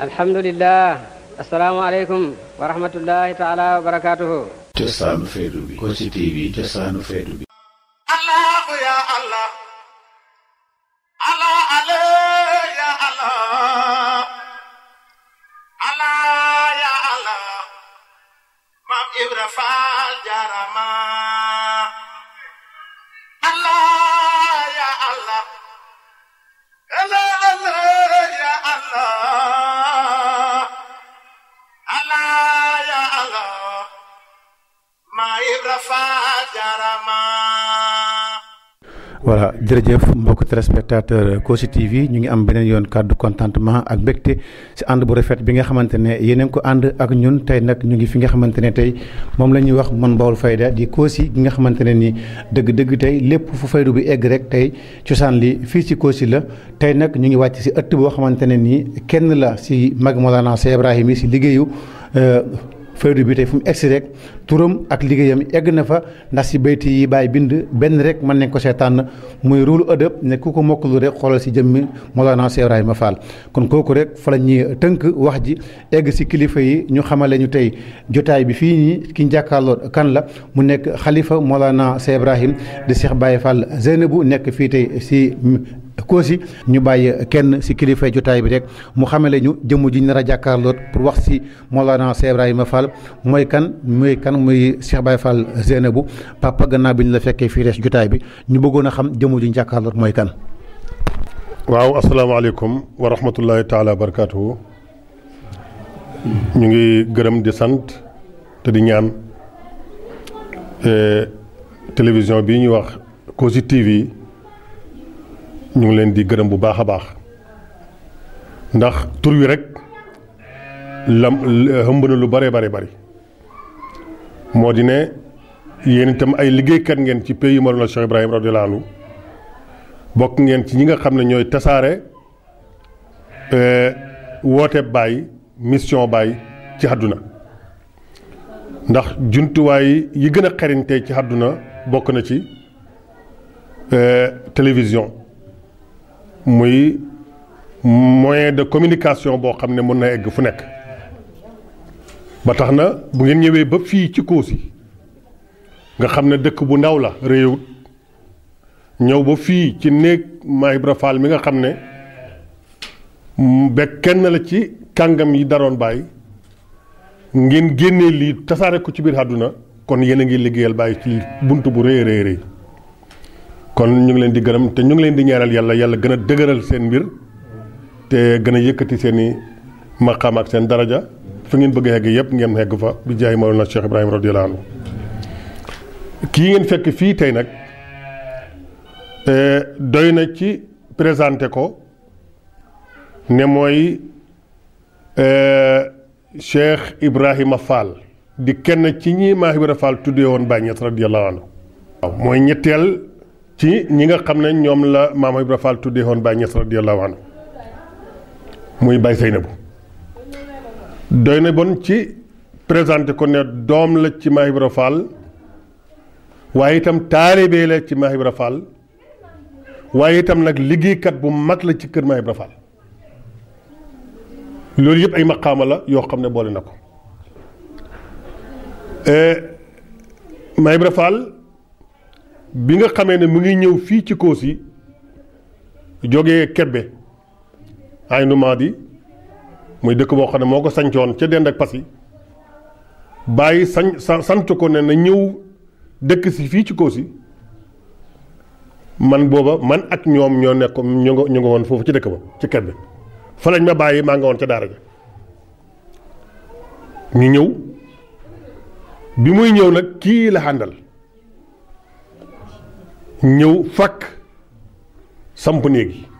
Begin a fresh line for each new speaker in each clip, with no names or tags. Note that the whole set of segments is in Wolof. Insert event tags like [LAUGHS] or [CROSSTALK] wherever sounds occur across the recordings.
الحمد لله السلام عليكم ورحمة الله تعالى وبركاته
جسان تي في جسان voilà jërëjëf mbokk téléspectateur Kosi TV ñu ngi am beneen yoon kàddu contentement ak mbégte si ànd bu rafet bi nga xamante ne yeneen ko ànd ak ñun tey nag ñu ngi fi nga xamante ne tey moom la ñuy wax man Baol Fayda di Kosi gi nga xamante ne ni dëgg-dëgg tey lépp fu faydu bi egg rek tey cosaan li fii si Kossy la tey nag ñu ngi wàcc si ëtt boo xamante ne nii kenn la si mag Mawlana Cheikh Ibrahim si liggéeyu euh, faydu bi tey fu mu egsi rek turam ak liggéeyam egg na fa ndax si bayti yi bàyyi bind benn rek ma nañ ko seetaan muy ruulu ëdëb ne ku ko mokkalu rek xoolal si jëmmi Mawlana Cheikh Ibrahima Fall kon kooku rek fa la ñuy tënk wax ji egg si kilifa yi ñu xamale ñu tey jotaay bi fii nii ki jàkkaarloo kan la mu nekk xalifa Mawlana Cheikh Ibrahim di bàyyi Baye Fall Zeynabu nekk fii tey si Kossy ñu bàyyi kenn si kilifa jotaay bi rek mu xamale ñu jëmm ji ñu nar a jàkkaarloo pour wax si Mawlana Cheikh muy Cheikh Baye Fall Zeynabou papa gannaaw la fekkee fii rees jotaay bi ñu bëggoon a xam jëmu ji jàkkaarloot mooy kan.
waaw asalaamaaleykum wa rahmatullahi taala wa barakaatu. ñu ngi gërëm di sant te di ñaan e, télévision bii ñuy wax Kossy TV ñu ngi leen di gërëm bu baax a baax ndax tur wi rek lam ëmb na lu bare bare bari moo di ne yéen itam ay liggéeykat ngeen ci pays Mawlana Cheikh Ibrahim radiyallahu anhu bokk ngeen ci ñi nga xam ne ñooy tasaare euh, woote Baay mission Baay ci àdduna ndax jumtuwaay yi gën a xariñ ci àdduna bokk na ci euh, télévision muy moyen de communication boo xam ne mën na egg fu nekk ba tax na bu ngeen ñëwee ba fii ci Kossy nga xam ne dëkk bu ndaw la réewut ñëw ba fii ci néeg Maam Ibra Fall mi nga xam ne be kenn la ci kàngam yi daroon bàyyi ngeen génnee lii tasaare ko ci biir àdduna kon yéen a ngi liggéeyal bàyyi ci bunt bu rëy rëy kon ñu ngi leen di gërëm te ñu ngi leen di ñaaral yàlla yàlla gën a dëgëral seen mbir te gën a yëkkati seen i maqaam seen daraja fi ngeen bëgg a yegg yëpp ngeen yegg fa bi jaay Mawlana Cheikh Ibrahima radiyallahu anhu kii ngeen fekk fii tey nag eh, doy na ci présenté ko ne mooy eh, Cheikh Ibrahima Fall di kenn ci ñi Maam Ibra Fall tuddee woon Baay Ñas radiyallahu anhu mooy ñetteel ci ñi nga xam ne ñoom la Maam Ibra tuddee woon Baay Ñas radiyallahu anhu muy Baay Seynabu doy na bon ci présenté ko ne doom la ci Maam Ibra waaye itam taalibe la ci Maam Ibra waaye itam nag liggéeykat bu mag la ci kër Maam Ibra Fall loolu yëpp ay maqaama la yoo xam ne boole na ko e, Maam Ibra Fall bi nga xamee ne mu ngi ñëw fii ci Kossy jógee Kébé ay numaat yi muy dëkk boo xam ne moo ko sancoon ca dend ak Passy bàyyi sañ sant ko ne na ñëw dëkk si fii ci si man booba man ak ñoom ñoo nekk ñu nga ñu nga woon foofu ci dëkk ba ci ket bi fa lañ ma bàyyi maa ngi woon ca daara ja ñu ñëw bi muy ñëw nag kii la àndal ñëw fakk samp néeg yi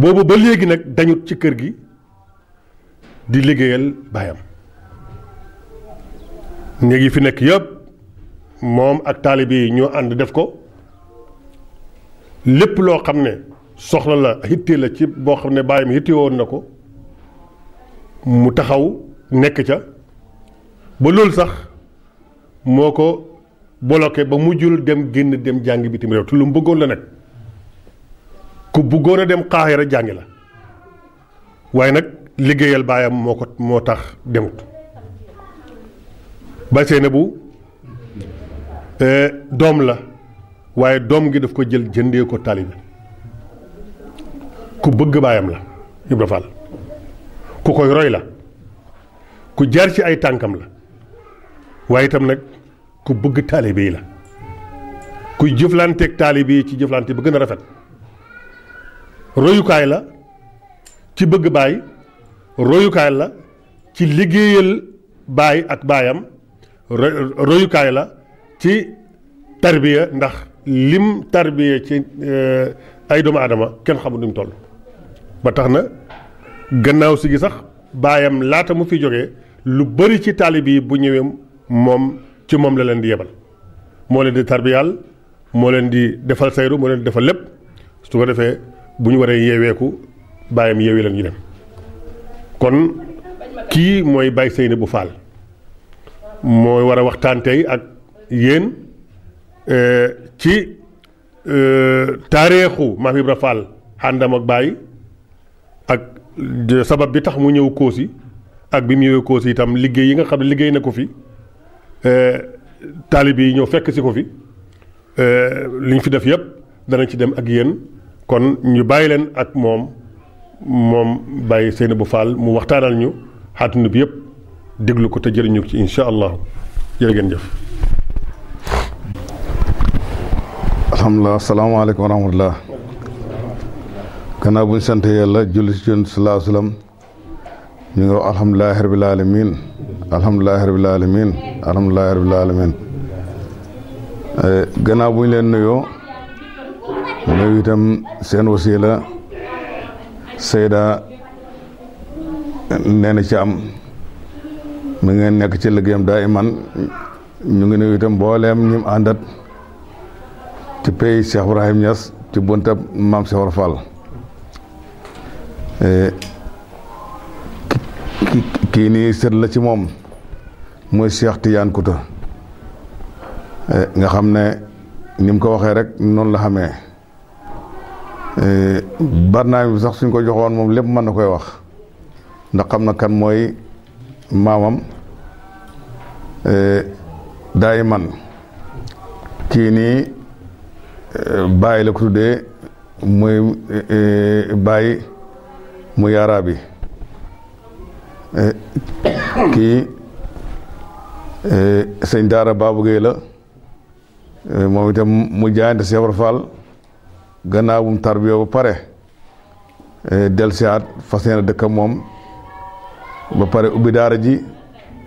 boobu ba léegi nag dañu ci kër gi di liggéeyal baayam néeg yi fi nekk yëpp moom ak taalibe yi ñoo ànd def ko lépp loo xam ne soxla la hittee la ci boo xam ne baayam hittee woon na ko mu taxaw nekk ca ba loolu sax moo ko bloqué ba mujjul dem génn dem jàng bitim rew te lu mu bëggoon la nag ku bëggoon a dem Qahira jàngi la waaye nag liggéeyal baayam moo ko moo tax demut Baye Seynabou e, doom la waaye doom gi daf ko jël jëndee ko taalibe ku bëgg baayam la Ibra Fall ku koy roy la ku jaar ci ay tànkam la waaye itam nag ku bëgg taalibe yi la kuy jëflanteeg taalibe yi ci jëflante bi gën a rafet royukaay la ci bëgg baay royukaay la ci liggéeyal baay ak baayam royukaay la ci tarbiya ndax lim tarbiya ci euh, ay doomu aadama kenn xamul ni mu toll ba tax na gannaaw si gi sax baayam laata mu fi jógee lu bari ci taalib yi bu ñëwee moom ci moom la leen di yebal moo leen di tarbiyaal moo leen di defal sayru moo leen di defal lépp su ko defee bu ñu waree yeeweeku bàyyam yeewee leen dem kon kii mooy Baye bu Fall mooy war a waxtaan tey ak yéen euh, ci euh, taarixu Maam Ibra Fall àndam ak Baye ak sabab bi tax mu ñëw Koosi ak bi mu ñëwee Koosi itam liggéey yi nga xam ne liggéey na ko fi euh, taalib yi ñëw fekk si ko fi liñ fi def yëpp danañ ci dem ak yéen. kon ñu bàyyi leen ak moom moom bàyyi Seynabou Fall mu waxtaanal ñu xaatuna bi yëpp déglu ko te jëriñu ci incha allah jërë ngeen jëf.
alhamdulilah salaamaaleykum wa rahmatulah. gannaaw bu ñu sant yàlla julli si yonent salaa salaam ñu ngi wax alhamdulilah rabil aalamiin alhamdulilah rabil aalamiin alhamdulilah rabil aalamiin eh, gannaaw bu leen nuyoo. ñoom itam seen wasila sayda nee na ci am mi ngeen nekk ci liggéeyam daa man ñu ngi nuyu itam mbooleem ñim àndat ci pay Cheikh Ibrahim Niass ci buntab maam Cheikh Ibra Fall eh, kii nii sët la ci moom mooy Cheikh eh, nga xam ne ni mu ko waxee rek noonu la xamee barnaam bi sax suñ ko joxoon moom lépp mën na koy wax ndax xam na kan mooy maamam e, daay man kii nii e, bàyyi la muy e, bàyyi mu yaaraa bi kii sëñ daara Babou Gueye la moom itam mu jaayante Cheikh Fall gannaaw bu ba pare eh, delsiwaat fas yéene dëkk moom ba pare ubbi daara ji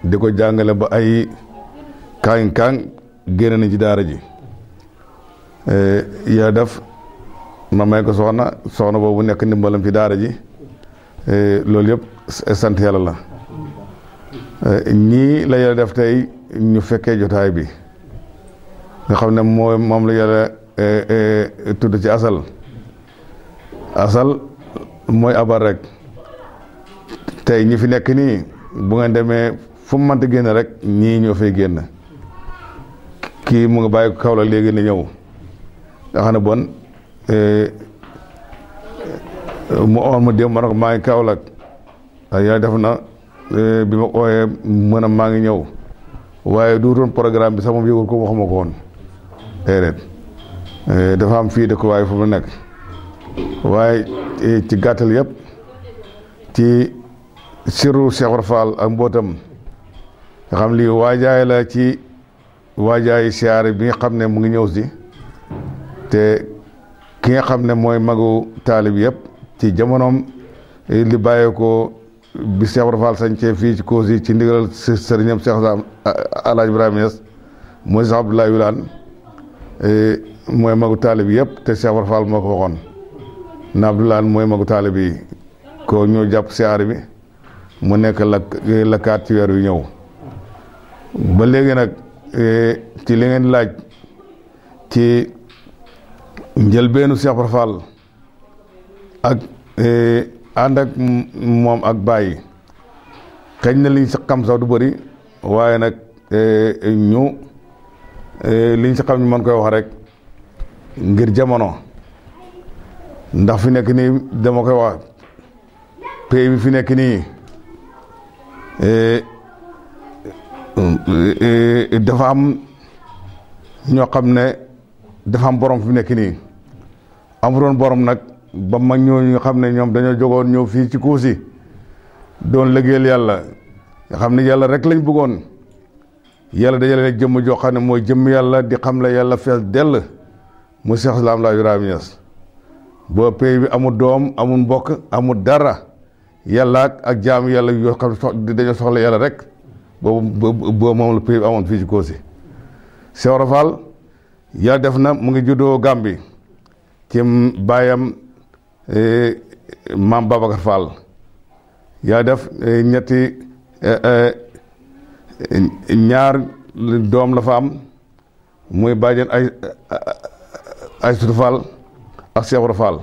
di ko jàngale ba ay kaang kaang génne nañ ci daara ji eh, yaa def ma may ko soxna soxna bu nekk ni ndimbalam ci daara ji eh, loolu yëpp sant yàlla la ñii la yàlla def tey ñu fekkee jotaay bi nga xam ne mooy moom la yàlla E, e, tudd ci asal asal mooy abar rek tey ñi fi nekk nii bu ngeen demee fu mu mënta génn rek ñii ñoo fay génn kii mu nga bàyyi ko kaw la léegi na ñëw nga xam ne bon e, mu oon ma démb ma ne ko maa ngi Kaolack yàlla def na bi ma ooyee mën a maa ngi ñëw waaye du doon programme bi sax moom yëgul ko waxuma ko woon déedéet Eh, dafa am fii dëkkuwaay fu mu nekk waaye eh, ci gàttal yépp ci siru Cheikh Fall ak mbootam nga xam lii waajaay la ci waajaay siyaare bi nga xam ne mu ngi ñëw si te ki nga xam ne mooy magu taalib yëpp ci jamonoom eh, li bàyyeekoo bi Cheikh Fall sañcee fii ci Kossy yi ci ndigalal sëriñam Cheikh Alaaji Ibrahima Niass mooy Cheikh Abdoulaye Wilane mooy magu taalib yëpp te Cheikh Ibra moo ko waxoon na Abdoulaye mooy magu taalib yi ko ñëw jàpp siyaar bi mu nekk lakk lakkaat ci weer wi ñëw ba léegi nag e, ci li ngeen laaj ci njëlbeenu Cheikh Ibra ak e, ànd ak moom ak bàyyi xëñ na liñ sa xam sax du bëri waaye nag e, ñu liñ sa xam ñu mën koy wax rek ngir jamono ndax fi nekk nii dama koy wax pays bi fi nekk nii eh, eh, dafa am ñoo xam ne dafa am borom fi nekk nii amuloon borom nag ba mag ñooñu nga xam ne ñoom dañoo jogoon ñëw fii ci Kossy doon liggéeyal yàlla xam ne yàlla rek lañ bëggoon yàlla dajale jëmm joo xam ne mooy jëmm yàlla di xam la yàlla fees dell mu Cheikh la Laay Ibrahima Niass boo pay bi amul doom amul mbokk amul dara yàlla ak jaamu yàlla yoo xam ne dañoo soxla yàlla rek boobu boobu moom la pay bi amoon fii ci Kossy Cheikh Ibra Fall def na mu ngi juddoo Gàmbi ci baayam eh, maam Babacar Fall yaa def eh, ñetti eh, ñaar doom la fa am muy bàjjen Aysatu Fall ak Cheikh Ibra Fall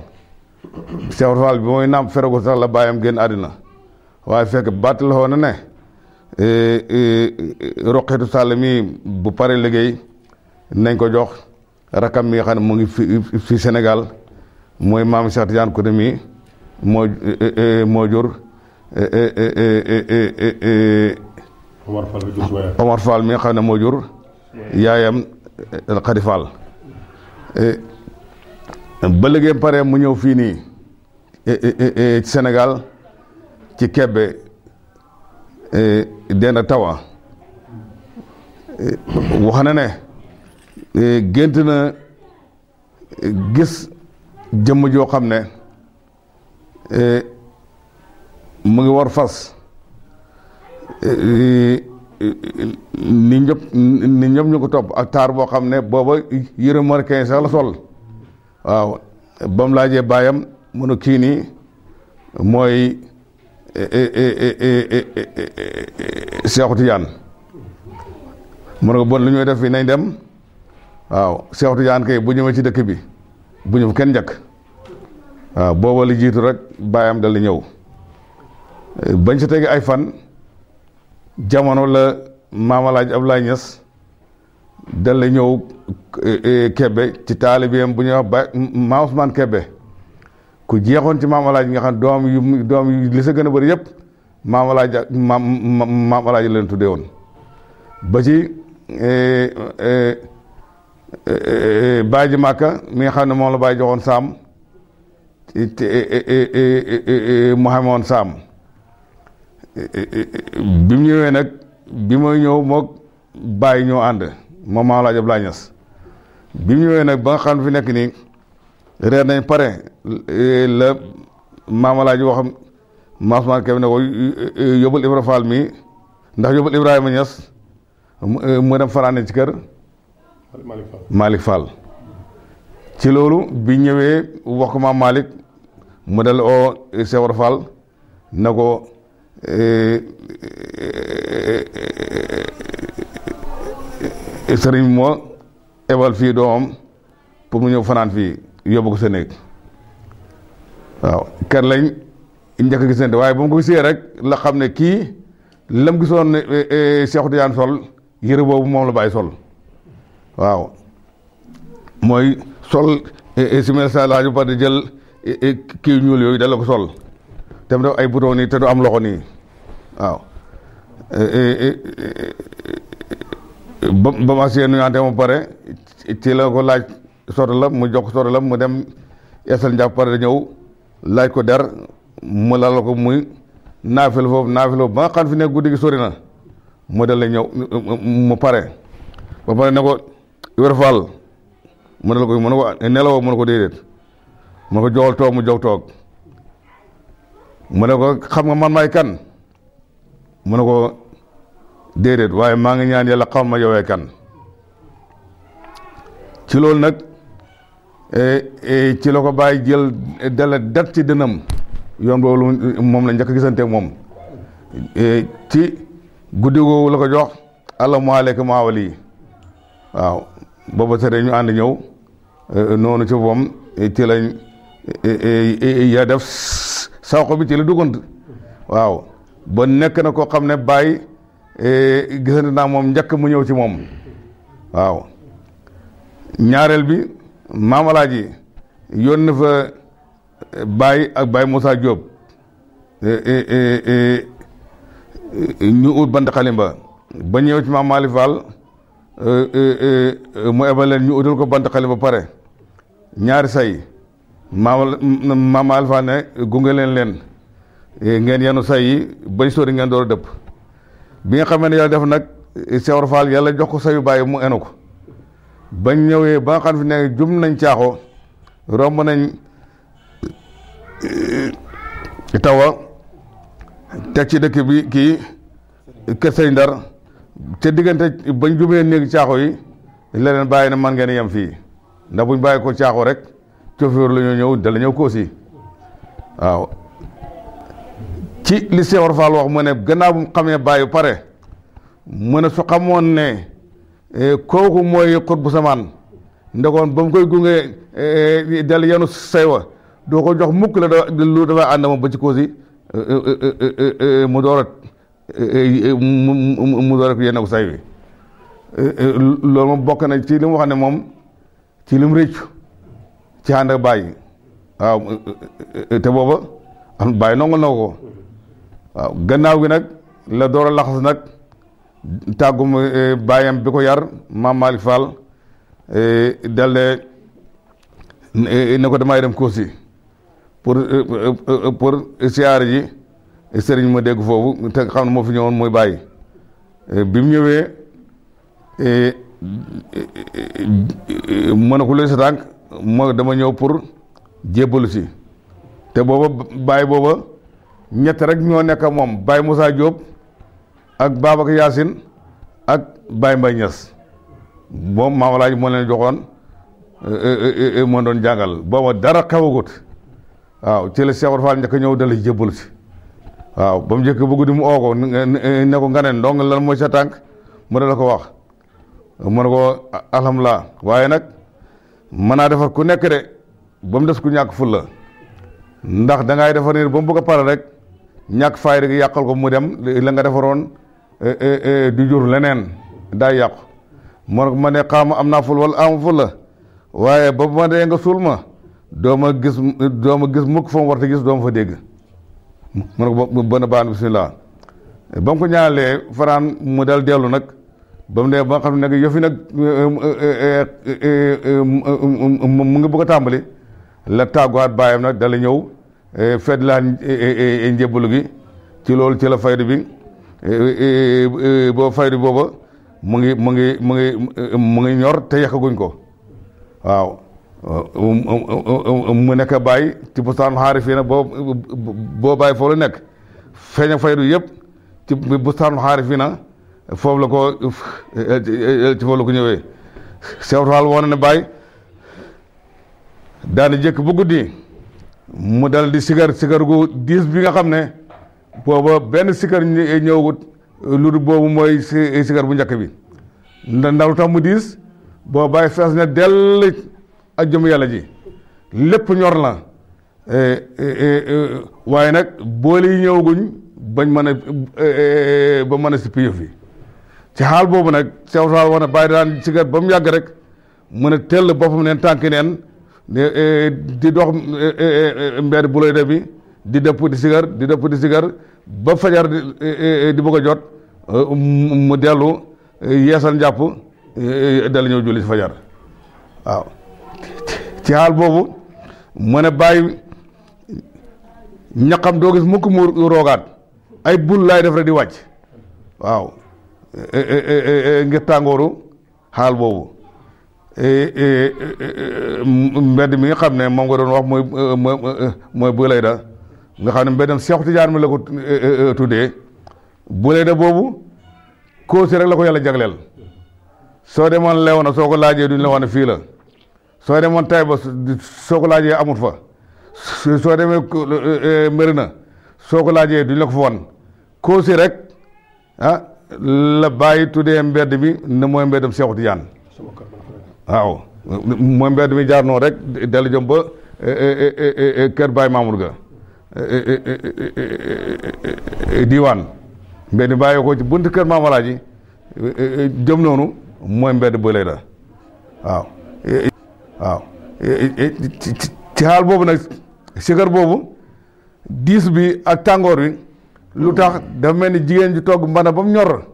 Cheikh bi mooy naam feragul sax la bàyyam génn àddina waaye fekk bàtt la woon ne e, e, e, Roqeetu Sall bu pare liggéey nañ ko jox rakam mi nga mooy maam Cheikh Tidiane mii mi nga xam ne moo jur yaayam Khady Fall Eh, ba liggéeyam pare mu ñëw fii nii eh, eh, senegal ci Kébé denda tawa wax na ne gént na gis jëmm joo xam ne mu ngi war fas ni ñëpp ni ñëpp ñu ko topp ak taar boo xam ne booba yëre marocain sax la sol waaw ba mu laajee baayam mu kii nii mooy e, e, e, Seexu Tijaan mu ne ko bon lu ñuy def fii nañ dem waaw Seexu Tijaan kay bu ñëwee ci dëkk bi bu ñëw kenn njëkk waaw booba li jiitu rek baayam dal di ñëw bañ si tege ay fan jamono la maamalaaj Ablaye Niass dal la ñëw eh, eh, Kébé ci taalibeem bu ñuy wax ba maam Ousmane ku jeexoon ci maamalaaj nga xam doom yu doom yu li sa gën a bëri yëpp maamalaaj maam maamalaaj leen tuddee woon ba ci eh, baaj màkka mi nga xam ne moom la bàyyi joxoon saam mu xamoon saam bi mu ñëwee nag bi ma ñëw mook bàyyi ñëw ànd moom maa laajab laa ñas bi mu ñëwee nag ba nga xam fi nekk nii reer nañ pare e, la maama laaj waxam maasmaan kebe ne ko yóbbul Ibra Faal mi ndax yóbbul Ibrahima Ñas e, mu dem fanaane ci kër Malick Fall ci loolu bi ñëwee wax ko maam Malick mu dal oo Sewar Fall na ko sëriñ bi moo ebal fii doom pour mu ñëw fanaan fii yóbbu ko sa néeg waaw ker lañ njëkk gisante waaye bu mu ko gisee rek la xam ne kii lam gisoon Cheikh Tidiane sol yëre boobu moom la bàyyi sol waaw mooy sol simel sa laaju par di jël kii ñuul yooyu dala ko sol te mu def ay bouton nii te du am loxo nii waaw eh, eh, eh, ba ba mu asiyee mu pare ci la ko laaj soto la mu jox soto la mu dem yeesal njàpp pare da ñëw laaj ko der mu lal ko muy naafil foofu naafil foofu ba nga xam fi nekk guddi gi sori na mu dal la ñëw mu pare ba pare ne ko wér faal mu dal ko mu ko nelawoo mu ne ko déedéet mu ne ko joxal toog mu jox toog mu ne ko xam nga man may kan mu ne ko déedéet waaye maa ngi ñaan yàlla xam ma yowee kan ci loolu nag e, e, ci la ko bàyyi jël dala dat ci dënam yoon boobu moom la njëkk gisante moom e, ci guddi googu la ko jox alaamualeykum maawali waaw booba sere ñu ànd ñëw noonu ci boom ci lañ ya def sawqo bi ci la waaw ba nekk na koo xam ne bàyyi eh, gisante naa moom njëkk mu ñëw ci moom waaw ñaareel bi maam alaaji yoon na fa eh, bàyyi ak bàyyi Moussa jóob eh, ñu ut bant xalimba ba ñëw ci maam Mali Fall mu ebal ñu utal ko bant xalimba pare ñaari say maam maam Alpha ne gunge leen leen eh, ngeen yenu say yi bañ sori ngeen door a dëpp bi nga xamee ne yàlla def nag eh, Sewar Fall yàlla jox ko sayu bàyyi mu enu ko bañ ñëwee ba nga xam fi ne jum nañ caaxoo romb nañ eh, tawa teg ci dëkk bi kii kër sëñ Ndar ca diggante bañ jumee néegi caaxo yi leneen bàyyi na man ngeen yem fii ndax buñ bàyyi ko caaxo rek chauffeur la ñoo ñëw dala ñëw ko aussi waaw ci li Cheikh Oumar wax mu ne gannaaw bu mu xamee bàyyi pare mu ne su xamoon ne e, kooku mooy xut bu samaan ndekoon ba mu koy gunge e, e, dal yenu say wa doo ko jox mukk la lu dafay ànd moom ba ci koosi mu door mu door a say wi loolu moom bokk na ci li mu wax ne moom ci li mu ci ànd ak bàyyi waaw euh, euh, euh, te booba am bàyyi nongal ko waaw gannaaw gi nag la door a laxas nag tàggum bàyyam bi ko yar maam Malick Fall dal ne ko damay dem Kossy pour pour siyaare ji sëriñ ma dégg foofu te xam ne moo fi ñëwoon mooy bàyyi bi mu ñëwee mën a ko luy sa tànk moo dama ñëw pour jébbalu si te booba baay booba ñett rek ñoo nekk moom Baye musaa jóob ak Babacar Yacine ak Baye Mbaye Niass moom Maam moo leen joxoon e, e, e, moo doon jàngal booba dara xewagut waaw ci la Cheikh Oumar njëkk ñëw dala jébbalu si waaw ba mu njëkk bëgg mu oo ko ne ko nga ne ndong lan mooy sa tànk mu dala ko wax mu ne ko alhamdulilah waaye nag mën naa defar ku nekk de ba mu des ku ñàkk fulla ndax dangay ngay defar nit ba mu bëgg a pare rek ñàkk faay rek yàqal ko mu dem la nga defaroon eh, eh, eh, di jur leneen daay yàqu man ma ne xaama am naa ful wala am fulla waaye ba ma dee nga suul ma doo ma gis doo gis mukk fa mu gis doo fa dégg ma ne ko bana baan bismillah ba mu ko ñaanalee fanaan mu dal dellu nag ba mu ba nga xam ne nag nag mu ngi tàmbali la tàgguwaat baayam nag dala ñëw fedd gi ci loolu ci la faydu bi boo booba mu ngi mu ngi mu ngi mu ngi ñor te ko waaw mu nekk bàyyi ci bustaan xaari fii nag boo boo bàyyi foofu la nekk feeñ ak faydu yëpp ci bustaan xaari fii na foofu la ko ci foofu la ko ñëwee Cheikh Fall woo na ne bàyyi daana jëkk bu guddi mu dal di sikar sikar gu diis bi nga xam ne booba benn sikar ñëwagut lu dul boobu mooy sikar bu njëkk bi ndax lu tax mu diis boo bàyyi fees na dell ak jëm yàlla ji lépp ñor na eh, eh, eh, waaye nag boole yi ñëwaguñ bañ mën a ba mën a si piyëf yi ci xaal boobu nag Cheikh Fall wax ne bàyyi daan sigaret ba mu yàgg rek mën a tell boppam neen tànki neen eh, eh, di dox eh, mbedd bu lay bi di dëpp di sigar di dëpp di sigar ba fajar di bëgg jot mu dellu yeesal njàpp dal ñëw julli si fajar waaw ci xaal boobu mu ne bàyyi ñaqam doo gis mukk mu roogaat ay bul laay def rek di wàcc waaw Eh, eh, eh, ngir tàngooru xaal boobu mm, mbedd mi nga xam ne moom nga doon wax mooy mooy da nga xam ne mbeddam Seexu Tijaan mi la ko tuddee Bulayda boobu kóosi rek la ko yàlla jagleel soo demoon Léona soo ko laajee duñ la wax ne fii la soo demoon Taïba soo ko laajee amut fa soo demee Mérina soo ko laajee duñ la ko fa wan kóosi rek ah, la bàyyi tuddee mbedd mi ne mooy mbeddam Seexu Tijaan waaw mooy mbedd mi jaar noonu rek dellu jëm ba kër Baay Mamour ga diwaan mbedd bàyyi ko ci bunt kër Maamalaaji jëm noonu mooy mbedd ba lay waaw waaw xaal boobu nag sikar boobu diis bi ak tàngoor bi lu tax dafa mel ni ji togg mbana bam mu ñor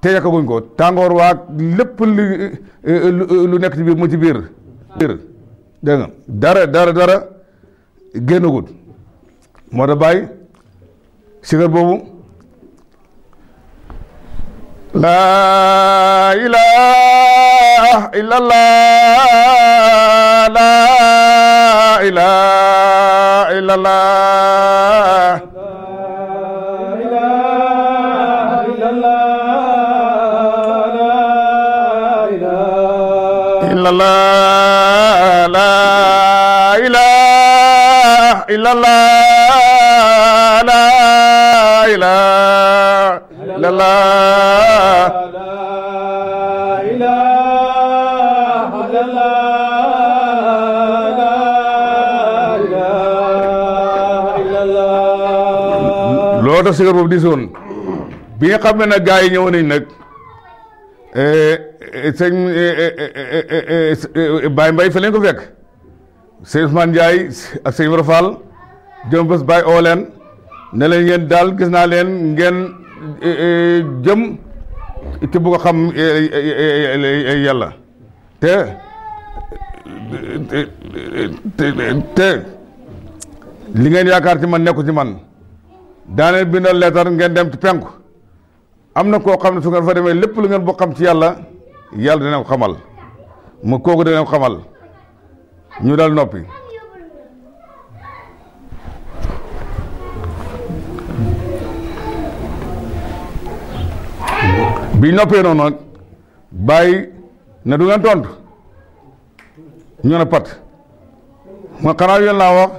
te yàkkaguñ ko tangor waag lepp lu eh, eh, lu nekk ci bir mu ci bir de nga dara dara dara gennugut mo da bay sigar bobu la ilaha illallah la ilaha إلا الله لا إله إلا الله لا إله إلا الله لا إله إلا الله loo tax si boobu di soon bi nga xam ne nag gaa yi ñëw nañ nag eh, sëñ Baye Mbaye fa leen ko fekk sëñ Ousmane Ndiaye ak sëñ Ibra jëm bés Baye oo leen ne leen ngeen daal gis naa leen ngeen jëm ki bu xam yàlla te te li ngeen yaakaar ci man nekku ci man daaneen bindal leetar ngeen dem ci penku am na koo xam ne su ngeen fa demee lépp lu ngeen boo xam ci yàlla yàlla dana ko xamal mu kooku dana ko xamal ñu dal noppi bi noppee noonu bàyyi ne du ngeen tontu ñu ne pat ma xanaa yéen laa wax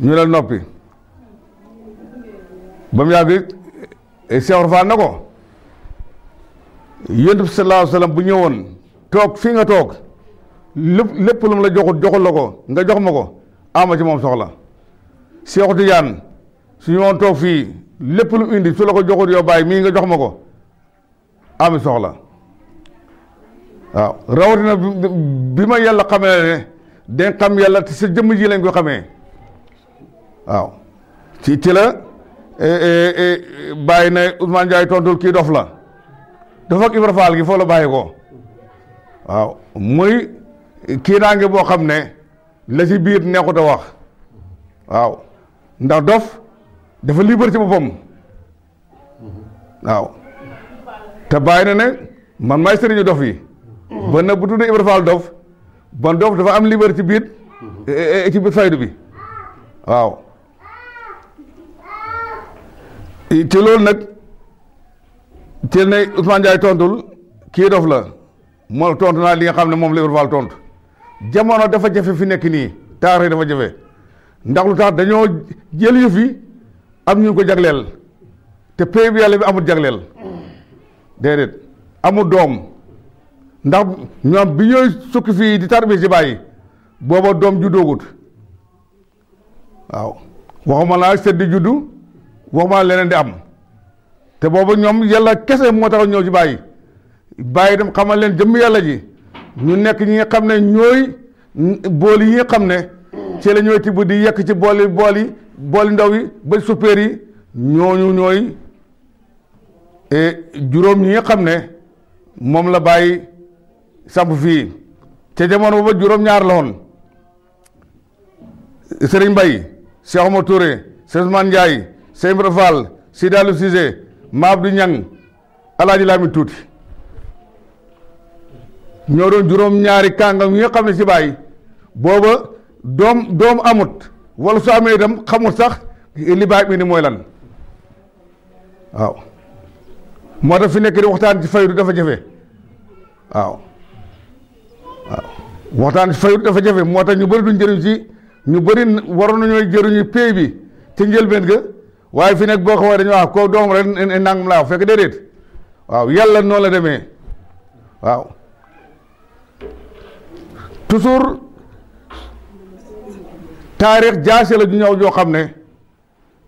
ñu dal noppi ba mu yàgg Cheikh Fall na ko yonent bi sallallahu alayhi bu ñëwoon toog fii nga toog lépp lépp lu la joxul joxul la ko nga jox ma ko ama ci moom soxla Seexu Tijaan su ñëwoon toog fii lépp lu indi su la ko joxul yow bàyyi mii nga jox ma ko ami soxla waaw rawatina bi ma yàlla xamee ne dañ xam yàlla te sa jëmm ji lañ ko xamee waaw ci ci la eh, eh, eh, bàyyi na Ousmane Ndiaye tontul kii dof la dafa Ibra Faal gi foo la bàyyi ko waaw muy kiiraange boo xam ne la ci biir neexut a wax waaw ndax dof dafa libre ci boppam waaw te bàyyi na ne man may sëriñu dof yi ba nag bu tuddee Ibra Faal dof ban dof dafa am libre ci biir eh, eh, ci biir faydu bi waaw ci loolu nag ci ne Ousmane Ndiaye tontul kii dof la moom tontu naa li nga xam ne moom la Ibra Fall tontu jamono dafa jafe fi nekk nii taar yi dafa jafe ndax lu tax dañoo jël yëf yi am ñu ko jagleel te pay bi yàlla bi amul jagleel déedéet amul doom ndax ñoom bi ñooy sukki fii di tarbi ci bàyyi booba doom juddoogut waaw waxuma laa sedd di juddu waxuma leneen di am te boobu ñoom yàlla kese moo tax ñëw ci bàyyi bàyyi dem xamal leen jëmm yàlla ji ñu nekk ñi nga xam ne ñooy bool yi nga xam ne ci la ñooy tibb di yekk ci booli bool yi booli ndaw yi ba suppeer yi ñooñu ñooy e, juróom ñi nga xam ne moom la bàyyi samp fii te jamono booba juróom-ñaar la woon Serigne Mbaye Cheikh Oumar Touré Serigne Ousmane Ndiaye Cheikh Ibra maam du ñang alaaji Laamin tuuti ñoo doon juróom-ñaari kàngam yi nga xam ne si bàyyi booba doom doom amut wala su amee itam xamul sax li bii mi ni mooy lan waaw moo tax fi nekk di waxtaan ci faydu dafa jafe waaw waaw waxtaan ci faydu dafa jafe moo tax ñu bëri duñ jëriñ ci ñu bëri waroon nañooy jëriñu pay bi ca njëlbeen ga waaye fi nag boo ko waxee dañu wax ko doom rek nangam laa fekk déedéet waaw yàlla noonu la demee waaw toujours taarix jaase la ju ñëw joo xam ne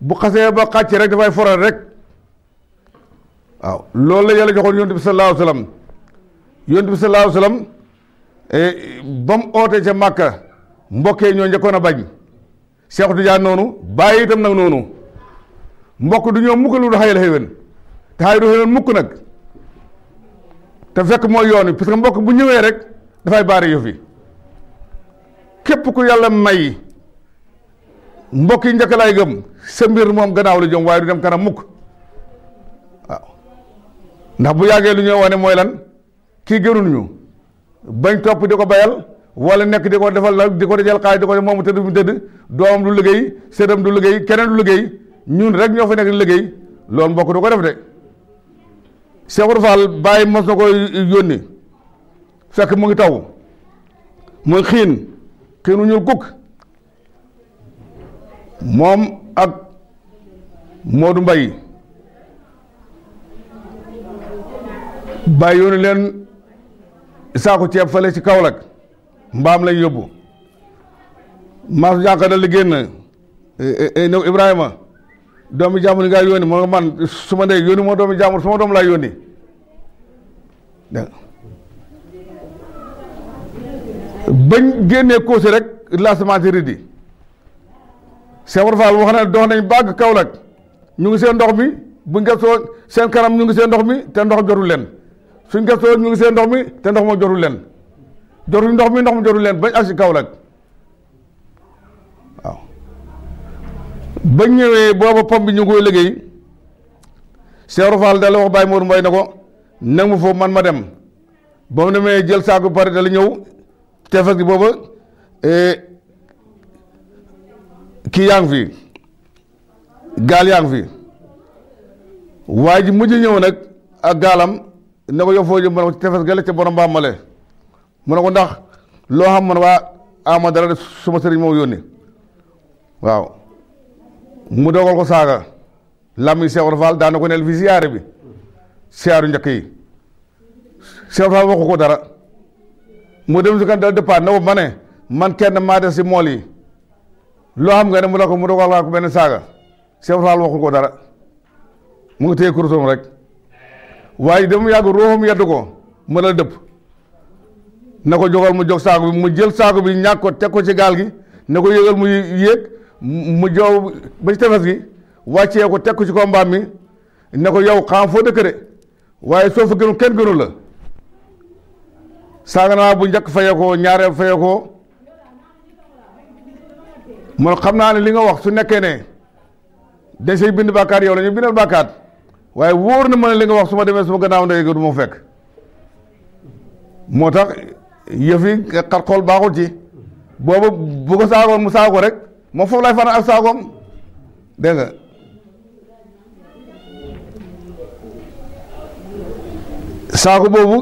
bu xasee ba xàccee rek dafay foral rek waaw loolu la yàlla joxoon yonent bi sallallahu alayhi wa sallam yonent bi sallallahu ba mu ootee ca màkka mbokkee ñoo njëkkoon a bañ Cheikh Tidiane noonu bàyyi itam nag noonu mbokk du ñoo mukk lu du xayal xéwén te xay du xéwén mukk nag te fekk mooy yoon wi parce que mbokk bu ñëwee rek dafay baari yëf yi képp ku yàlla may mbokk yi njëkk laay gëm sa mbir moom gannaaw la jëm waaye du dem kanam mukk ndax bu yàggee lu ñuy wane mooy lan kii gënul ñu bañ topp di ko bayal wala nekk di ko defal la di ko dajal xaalis di ko moomu tëdd mu tëdd doomam du liggéey séddam du liggéey keneen du liggéey ñun rek ñoo fa nekk liggéey loolu mbokk du ko def de Cheikh Fall bàyyi mos na ko yónni fekk mu ngi taw mu xiin xiinu ñuul kukk moom ak Modou mbay bàyyi yónni leen saako ceeb fale ci kaw Kaolack mbaam lañ yóbbu maasu jànka da liggéey na ne eh, eh, eh, Ibrahima doomi jàmbur yi nga yónni moo man su ma dee yónni moo doomi jàmbur su ma doom laa yónni bañ génnee Kossy rek la semence ridi Cheikh Fall wax na dox nañ bàgg Kaolack ñu ngi seen ndox mi bu ngestoo seen kanam ñu ngi seen ndox mi te ndox jotul leen suñ ngestoo ñu ngi seen ndox mi te ndox moo jotul leen jotul ndox mi ndox mu jotul leen bañ ak si Kaolack ba ñëwee booba pom bi ñu ngi koy liggéey Cheikh Fall dala wax Baye Mour Mbaye na ko nag mu foofu man ma dem ba mu demee jël saako pare dala ñëw tefes gi booba e, kii yaa ngi fi gaal yaa ngi fi waaye ji mujj ñëw nag ak gaalam ne ko yow foo jëm mu ne ko ci tefes gale ca borom mbaam male mu ne ko ndax loo xam man waa ama dara su ma sëriñ moo yónni waaw mu dogal ko saaga làmmiñ Cheikh Ibra Fall daana ko neel fii siyaare bi siyaaru njëkk yi Cheikh Ibra Fall waxu ko dara mu dem si kan dal départ na ko ma man kenn maa des si mool yi loo xam nga ne mu la ko mu dogal ko benn saaga Cheikh Ibra Fall waxu ko dara mu ngi téye kurusam rek waaye dem yàgg ruuxam yedd ko mu dal dëpp na ko jógal mu jóg saako bi mu jël saako bi ñàkk ko teg ko ci gaal gi na ko yëgal mu yéeg mu joow ba ci tefes gi wàccee ko teg ci kaw mbaam mi ne ko yow xam foo dëkk de waaye soo fa gënu kenn gënu la saaga naa bu njëkk fayee ko ñaareel fayee ko man xam naa ne li nga wax su nekkee ne dañ say bind bàkkaat yow la ñu bindal bàkkaat waaye wóor na ma ne li nga wax su ma demee suma gannaaw ndey du ma fekk moo tax yëf yi xar xool baaxul ci boobu bu ko saagoon mu saagoo rek moom foofu lay fanaan ak saagoom dégg nga saako boobu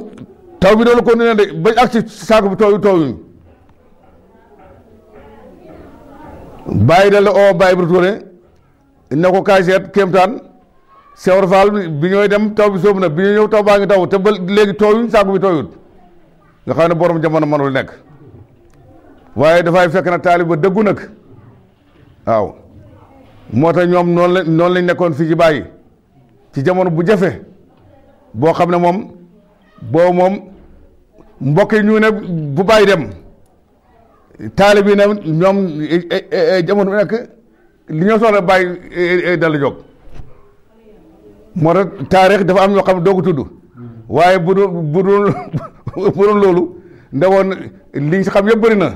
taw bi doolu ko ne de bañ ak ci saago bi tooyu tooyuñ bàyyi dale o bàyyi bi Touré ne ko kaay seet kéemtaan sewar faal bi ñooy dem taw bi soobu na bi ñooy ñëw taw baa ngi taw te ba léegi tooyuñ saako bi tooyut nga xam ne borom jamono mënul nekk waaye dafay fekk na taalib ba dëggu nag waaw moo tax ñoom noonu la noonu lañ nekkoon fii ci bàyyi ci jamono bu jafe boo xam ne moom boo moom mbokk yi ñu ne bu bàyyi dem taalib yi ne ñoom eh, eh, eh, jamono bu nekk li ñoo soxla bàyyi dal jóg moo tax taarix dafa am ñoo xam ne doo ko tudd waaye bu dul bu dul [LAUGHS] bu dul loolu nda woon li ñu si xam yëpp bëri na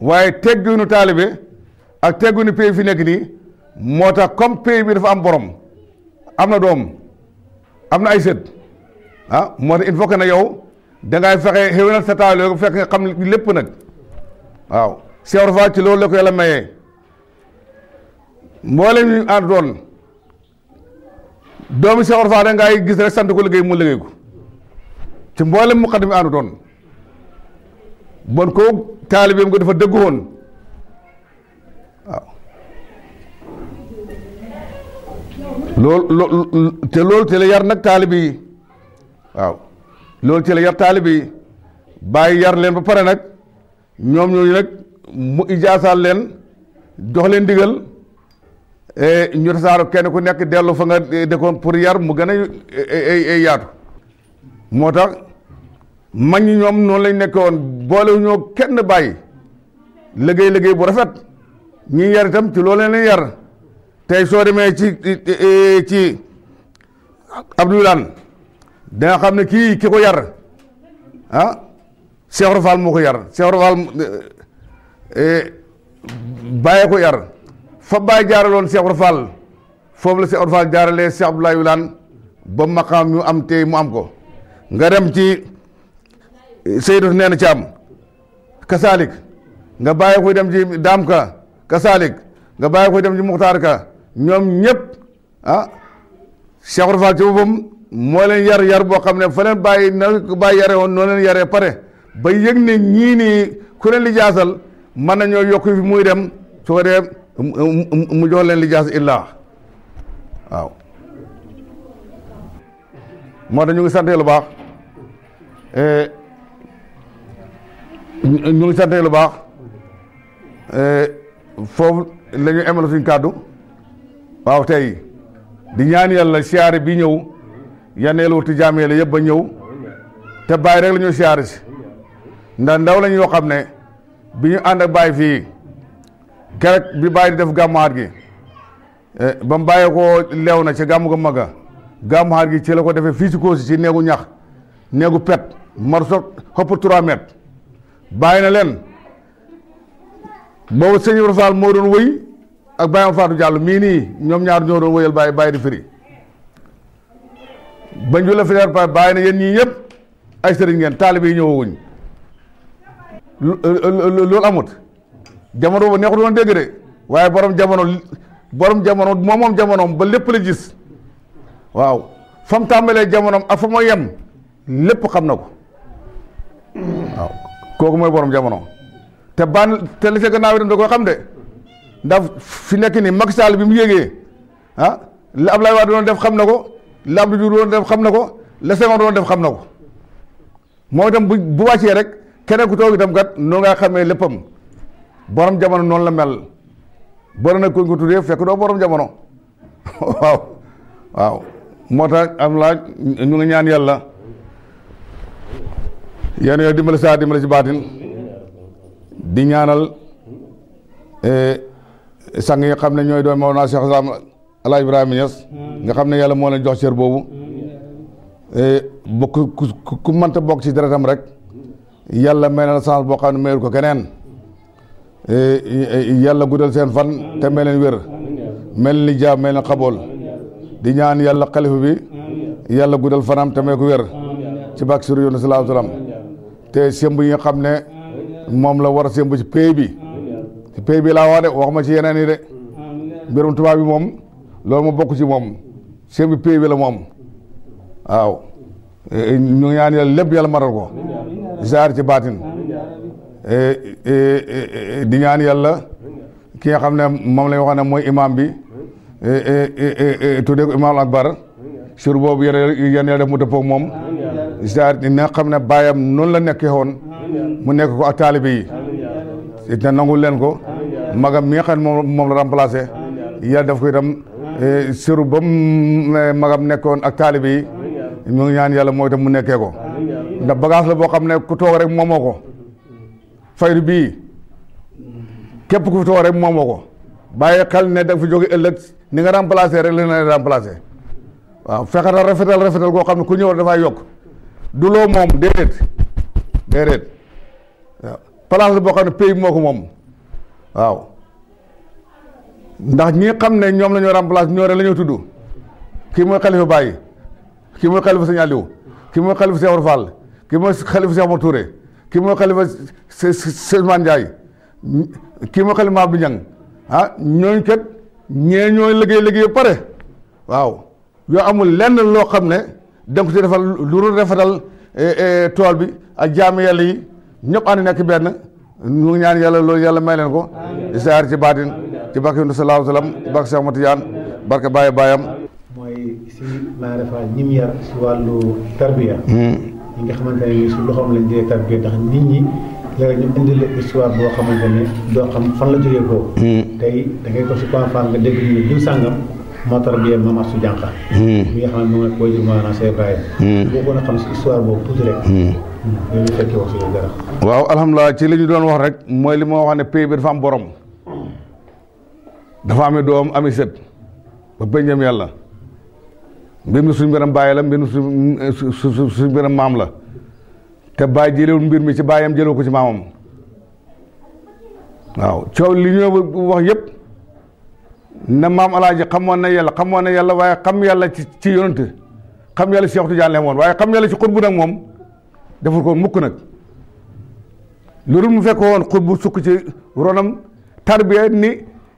waaye teggiinu taalibe ak teggu ni pays fi nekk nii moo tax comme pays bi dafa am borom am na doom am na ay sët ah, moo tax il faut que na yow da ngay fexe xéwénal sa taal yooyu fekk nga xam lépp nag waaw Cheikh Fall ci loolu la ko yàlla mayee mboolem ñu ànd doon doomi Cheikh Fall da gis rek sant ko liggéey mu liggéey ko ci mboolem mu xaddami ànd doon bon ko taalibeem nga dafa dëggu woon lool te loolu te la yar nag taalibe yi waaw loolu te la yar taalibe yi bàyyi yar leen ba pare nag ñoom ñooñu nag mu ijaasaal leen jox leen digal e, ñu tasaaro kenn ku nekk dellu fa nga dëkkoon pour yar mu gën a e, e, yaatu moo tax mag ñi ñoom noonu lañ nekk woon boolewu ñoo kenn bàyyi liggéey liggéey bu rafet ñu yar itam ci loolu leen yar tey soo demee ci ci Abdoulaye da xam ne kii ki ko yar ah Cheikh Fall moo ko yar Cheikh Fall eh, eh, ko yar fa bàyyi jaaraloon Cheikh Fall foofu la Cheikh Fall jaaralee Cheikh Abdoulaye Wilane ba maqaam yu am te mu am ko nga dem ci Seydou nee na ci am kasaalik nga bàyyi koy dem ci daam ka kasaalik nga bàyyi ko dem ci muxtaar ka ñoom ñëpp ah Cheikh Fall ci boppam moo leen yar yar boo xam ne fa leen bàyyi na ko bàyyi yare woon noo leen yaree pare ba yëg ne ñii nii ku leen jaasal mën nañoo yokk fi muy dem su ko dee mu jox leen lijaas illaa waaw moo tax ñu ngi sante lu baax eh, ñu ngi sante lu baax eh, foofu la ñu suñ kàddu waaw tey di ñaan yàlla siyaare bi ñëw yaneelu tijaamee la yëpp ba ñëw te bàyyi rek la siyaare si ndax ndaw lañ yoo xam ne bi ñu ànd ak bàyyi fii kerek bi bàyyi di def gàmmuwaat gi eh, ba mu bàyyi ko leew na ci gàmmu ko magga gàmmuwaat gi ci la ko defee fii ci Kossy ci néegu ñax néegu pet marso xëpp trois mètres bàyyi na leen boobu sëñ Ibrahima Fall moo doon wëy ak bayam Fatou Diallo mi ni ñom ñaar ñoo doon wëyal Baye Baye di firi bañ jula fi fileer pa bàyyi na yeen ñi ñep ay sëriñ ngeen taalibe yi wuñ lool amut jamono ba neexu doon dégg de waaye borom jamono borom jamono moom moom jamonoom ba lepp la gis waaw fam tàmbalee jamono ak fa yam lepp xam nako waaw koku moy borom jamono te ban te li sa gannaaw dem da ko xam de ndax fi nekk ni mag Sall bi mu yéegee ah la Abdoulaye Wade def xam na ko laab Abdou Diouf def xam na ko la Senghor doon def xam na ko moo itam bu bu wàccee rek keneen ku toog itam kat noo ngaa xamee léppam borom jamono noonu la mel borom nag ko ko tuddee fekk doo borom jamono [LAUGHS] waaw waaw moo tax am laaj ñu ngi ñaan yàlla yéen yow dimbali saa dimbali si baatin di ñaanal. Eh, sang yi xam ne ñooy doon Mawlana Cheikh Islam Alaaji Ibrahima Niass nga xam ne yàlla moo leen jox cër boobu e, bokk ku ku mënta bokk ci deretam rek yàlla may na la chance boo xam ne mayul ko keneen e, e, yàlla guddal seen fan te may wér mel ni jaam mel ni xabool di ñaan yàlla xalifa bi yàlla guddal fanam te may ko wér ci bàq si rajo Salaam te semb yi nga xam ne moom la war a semb ci bi. pay bi laa wa de wax ma ci yeneen yi de mbirum tubaab bi moom loolu mu bokk ci moom seen bi pay la moom aaw eh, ñu ngi ñaan yàlla lépp yàlla maral ko jaar ci baatin eh, eh, di ñaan yàlla ki nga xam ne moom lañ wax ne mooy imam bi tuddee ko imam akbar sur boobu yéen yàlla def mu dëppoog moom jaar na xam ne baayam noonu la nekkee woon mu nekk ko ak taalibe yi te nangul leen ko magam mi nga xam ne moom moom la remplacé yàlla def ko itam eh, siru ba eh, magam nekkoon ak taalibe yi mu ngi ñaan yàlla mooy itam mu nekkee ko ndax bagage la boo xam ne ku toog rek moomoo ko faydu bii képp ku fi toog rek ko bàyyi xel ne danga fi jóge ëllëg ni nga remplacé rek la na remplacé waaw fexetal rafetal rafetal koo xam ne ku ñëw dafay yokk du loo moom déedéet déedéet waaw la boo xam ne pays moo ko moom waaw ndax ñi xam ne ñoom lañoo ñoo remplace ñoo rek la tudd kii mooy xalifa Baye kii mooy xalifa Sëñ Aliou kii mooy xalifa Cheikh kii mooy xalifa Cheikh Mor kii mooy xalifa Sëñ Man Ndiaye kii mooy xalifa Abdou Niang ah ñooñu kat ñee ñooy liggéey liggéey pare waaw yoo amul lenn loo xam ne da nga ko ci defal lu rafetal eh, eh, tool bi ak jaami yàlla yi ñëpp ànd nekk benn ñu ngi ñaan yàlla loolu yàlla may leen ko isaar ci baatin ci barke yonent salaahu salaam barke Cheikh Matiyaan barke Baye Bayam.
mooy si maanaam ñi yar si wàllu tarbiya. Hmm. ñi nga xamante ne nii su loxoom lañ jëlee tarbiya nit ñi léeg-léeg ñu indil la histoire boo xamante ne doo xam fan la jógee koo. Hmm. tey da ngay ko si conférence nga dégg ñu diw sàngam moo tarbiya ma su jànqa. Hmm. mi nga ne a xam si boobu tuuti
waaw alhamdulilah ci li ñu doon wax rek mooy li ma wax ne pays bi dafa am borom dafa ami doom ami sët ba pëñam yàlla mbir mi suñ mbiram bàyyi la mbir mi suñ suñ maam la te bàyyi jëlewul mbir mi ci bàyyam jëlewu ko ci maamam waaw coow li ñu wax yépp na maam alaaji xamoon na yàlla xamoon na yàlla waaye xam yàlla ci ci yonent xam yàlla si Cheikh Tidiane la woon waaye xam yàlla ci xutbu nag moom deful ko mukk nag loolu mu fekk woon xut bu sukk ci ronam tarbiya ni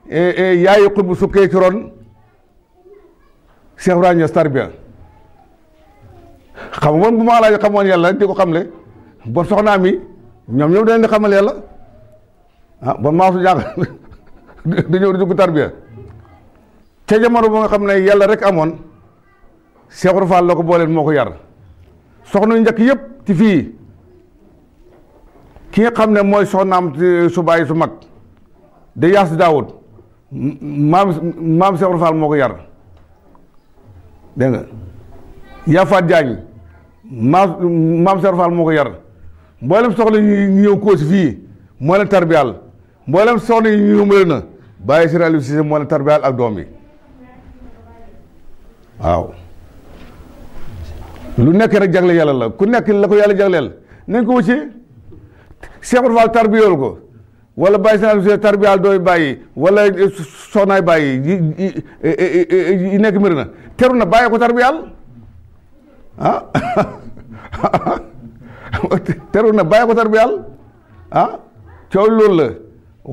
e, e, yaayu xut bu sukkee ci ron Cheikh Ibrahima Niass tarbiya xam woon bu ma laaj xamoon yàlla di ko xam le bon soxnaa mi ñoom ñoom dañ di xamal yàlla ah bon maa su jàng [LAUGHS] di ñëw di dugg tarbiya ca jamono ba nga xam ne yàlla rek amoon Cheikh Fall la ko booleen moo ko yar soxna njëkk yépp ci fii ki nga xam ne mooy soxnaam su bàyyi su mag de yaas daawud maam maam Cheikh moo ko yar dégg nga Yafaat Jaañ maam maam Cheikh Fall moo ko yar mboolem soxna ñu ñëw fii moo leen tarbiyal mboolem soxna yi ñu yómbale na bàyyi si Aliou Cissé moo leen ak doom yi waaw lu nekk rek jagle yàlla la ku nekk la ko yàlla jagleel nañ ko wuti Cheikh Oumar Fall tarbiyool ko wala bàyyi seen tarbiyaal dooy bàyyi wala eh, soxnaay bàyyi yi eh, eh, nekk mbir na teru na bàyyi ko tarbiyaal ah [LAUGHS] teru na bàyyi ko tarbiyaal ah coow loolu la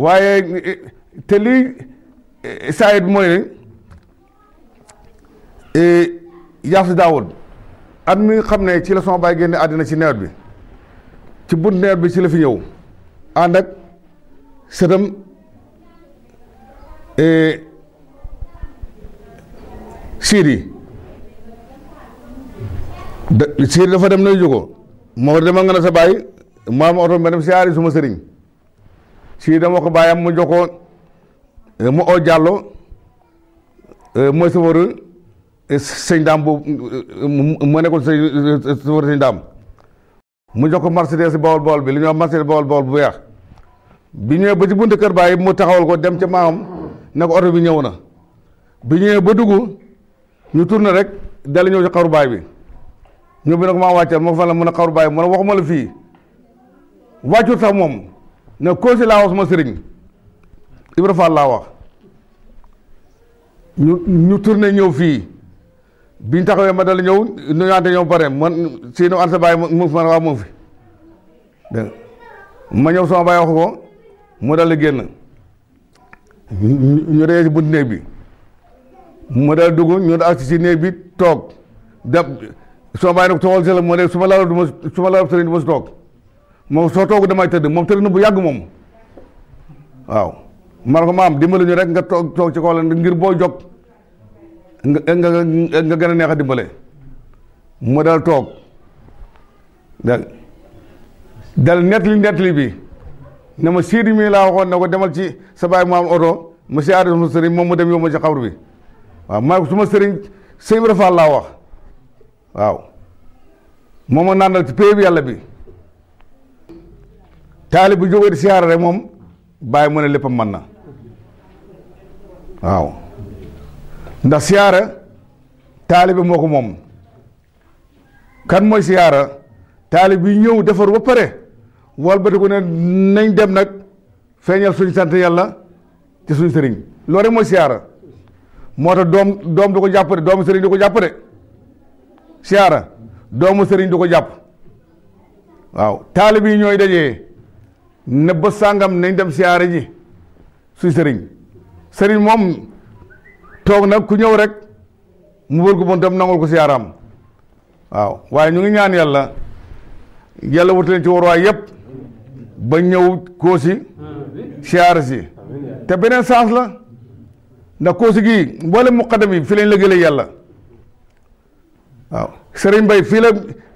waaye te lii saayit mooy ne yaaf at mi xam ne ci la sama baay génne àddina ci nawet bi ci bunt nawet bi ci la fi ñëw ànd ak sëtam e, siiri da dafa dem nuyu jógo moo dama nga na sa baay maa ma oto ma dem siyaari suma sëriñ siiri dama ko baayam mu jox ko e, mu oo jàllo e, mooy safaru sëñ daam boobu mu nekkoon sëñ suma daam mu jox ko Mercedes bawol bawol bi li ñuy wax Mercedes bawol bawol bu weex bi ñëwee ba ci buntu kër baay mu taxawal ko dem ca maam ne ko oto bi ñëw na bi ñëwee ba dugg ñu tourné rek dal ñëw ci xaru baay bi ñëw bi ne ko maa wàcceel moo fa la mën a xaru baay mu ne waxuma la fii wàccut sax moom ne koo si laa wax sama sëriñ Ibra Fall laa wax ñu ñu tourné ñëw fii biñ taxawee ma dal ñëw nuyaante ñëw pare man si nu Anta Baye mu ngi fi man waa mu fi ma ñëw sama baay wax ko mu dal di génn ñu dajee si buntu néeg bi mu dal dugg ñu daal si néeg bi toog dem sama baay nag su ma laaloon du ma su ma laaloon sëriñ du ma si toog moom soo toogu damay tëdd moom tëdd na bu yàgg moom waaw man ko maam dimbali ñu rek nga toog toog ci kaw ngir boo jog nga nga nga gën a neex a dimbale mu dal toog dal dal nettali nettali bi ne ma siidi mii laa waxoon ne ko demal ci sa baay mu am oto ma si aada sama sëriñ moom mu dem yow ma ci bi waaw maa su ma sëriñ bi dafa laa wax waaw moom ma nandal ci péye bi yàlla bi taalib bu jógee di siyaara rek moom bàyyi mu ne léppam mën na waaw ndax siyaara taalibe moo ko moom kan mooy siyaara taalibe bi ñëw defar ba pare walbati ko ne nañ dem nag feeñal suñ sant yàlla ci suñ sëriñ loolu rek mooy siyaara moo tax doom doom du ko jàpp doom doomu sëriñ du ko jàpp de siyaara doomu sëriñ di ko jàpp waaw taalibe yi ñooy dajee ne ba sàngam nañ dem siyaara ji suñ sëriñ sëriñ moom toog nag ku ñëw rek mu wër ko buntam nangul ko siyaaram waaw waaye ñu ngi ñaan yàlla yàlla wut leen ci warwaay yëpp ba ñëw koosi siyaar si te beneen saas la ndax koosi gi mboolem muqaddam yi fii lañ liggéeyal yàlla waaw sëriñ Mbay fii la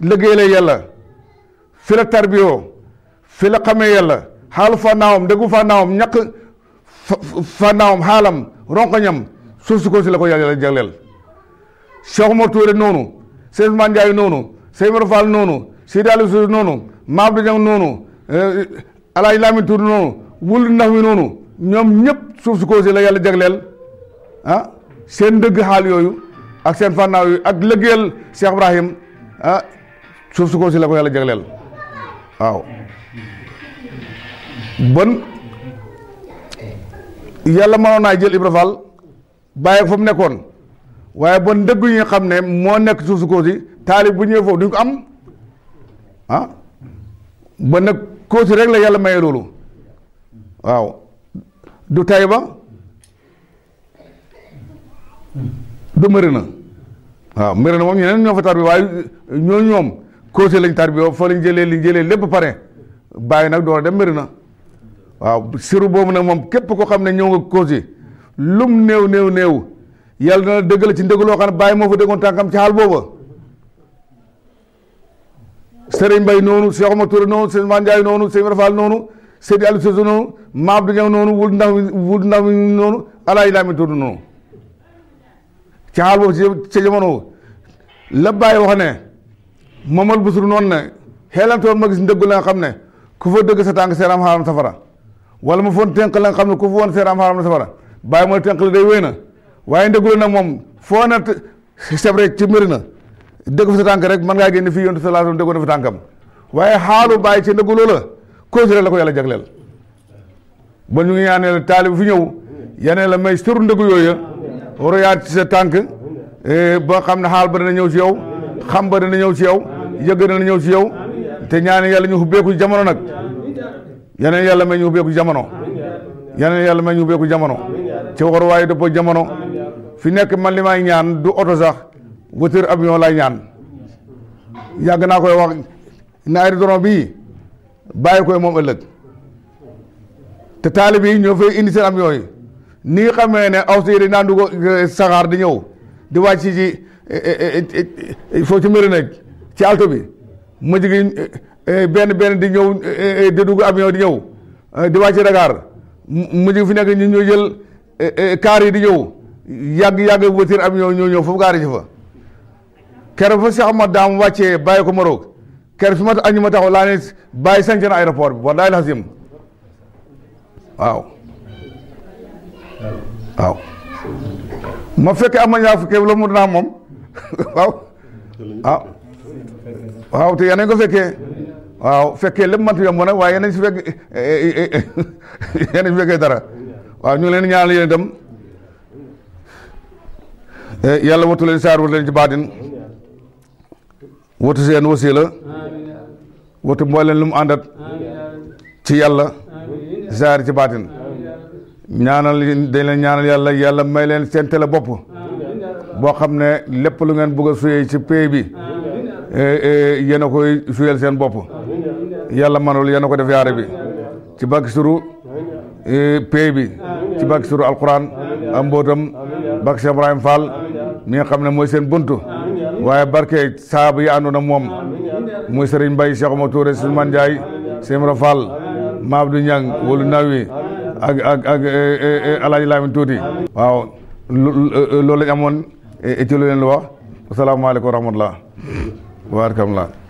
liggéeyal yàlla fii la tarbiyoo fii la xamee yàlla xaalu fànnaawam déggu ñakk ñàkk fànnaawam xaalam ronkoñam suuf si ko si la ko yàlla jagleel Cheikh noonu Cheikh Ousmane noonu Cheikh noonu Seydi Aliou Sow noonu eh, wi noonu ñoom ñëpp suuf si ko yàlla jagleel ah, seen dëgg xaal yooyu ak seen fànnaaw yooyu ak lëggeel Cheikh Ibrahim ah suuf si si la ko yàlla jagleel waaw bon yàlla mënoon jël Ibrahima bàyyi fa mu nekkoon waaye bon ndëgg yi xam ne moo nekk suuf su Kossy taalib bu ñëwee foofu duñ ko am ah ba nag Kossy rek la yàlla maye loolu waaw du Taïba du Mérina waaw Mérina moom ñeneen ñoo fa tarbi waaye ñoo ñoom Kossy lañ tarbi yow fa lañ jëlee liñ jëlee lépp pare bàyyi nag door dem Mérina waaw siru boobu nag moom képp ko xam ne ñëw nga Kossy lum néew néew néew yàlla na la ci ndëgg loo xam ne bàyyi moo fa déggoon tànkam ci xaal booba Serigne Mbaye noonu Cheikh Oumar Touré noonu Serigne noonu Serigne Rafal noonu Seydi Aliou Sow noonu Ma la xam ne ku fa dëgg sa tànk seeraam xaaram safara wala ma foon tënk la xam ne ku fa woon seeraam xaaram safara bàyyi mooy tenq la day wéy na waaye ndéglu nag moom foo na seb vrai ci mbir na dégg fa sa tànk rek mën ngaa génn fii yontu sa laasom déggoon na fa tànkam waaye xaalu bàyyi ci ndéglu la cause rek la ko yàlla jagleel ba ñu ngi ñaanee la taalib fi ñëw yanee la may suru ndégu yooya war a ci sa tànk ba xam ne xaal ba dana ñëw ci yow xam ba dana ñëw ci yow yëgg dana ñëw ci yow te ñaan yàlla ñu xubbeeku jamono nag yaneen yàlla may ñu xubbeeku jamono yaneen yàlla may ñu xubbeeku jamono ci war waaye dëppoo jamono fi nekk man li may ñaan du oto sax voiture avion lay ñaan yàgg naa koy wax ne aérodrome bii bàyyi koy moom ëllëg te taalib ñoo fay indi seen avion yi ni nga xamee ne aw si naan dugg eh, saxaar di ñëw di wàcc ci eh, eh, foo ci mbiri nag ci alto bi ma jigi benn benn di ñëw di dugg avion di ñëw di wàcc Dakar mu jigi fi nekk ñu ñoo jël Eh, eh, kaar yi di ñëw yàgg-yàgg voiture am ñoo ñoo ñëw foofu gaari ji fa kere fa Cheikh ma daam wàcce bàyyi ko Maroc kere fi ma añu ma taxaw laa ne bàyyi sanc na aéroport bi wallaay lazim waaw waaw ma fekke am ma ñaar fukki loolu mu dinaa moom [LAUGHS] ah. waaw te yanañ ko fekkee waaw fekkee lépp mantu yomb na waaye yanañ si fekk eh, [LAUGHS] yanañ si fekkee dara waaw ñu ngi leen ñaanal yéen itam eh, yàlla watu leen saar watu leen ci baatin watu seen wasila watu mbooleen lu mu àndat ci yàlla saar ci baatin ñaanal dañ leen ñaanal yàlla yàlla may leen seen télé bopp boo xam ne lépp lu ngeen bëgg a suyee ci pay bi eh, eh, yéen a koy suyeel seen bopp yàlla manul yenn a ko def yaare bi ci bakki Eh, pay bi ci bak suru alquran am mbootam bak Cheikh Ibrahim Fall mi nga xam ne mooy seen buntu waaye barke saabu yi àndoon ak moom muy Serigne Mbaye Cheikh Oumar Touré Souleymane Ndiaye Semra Fall Mabdou Niang Wolu Nawi ak ak ak eh, eh, Alaaji Lamin Tuuti waaw loolu lañ amoon ci lu leen lu wax asalaamaaleykum wa rahmatullah wa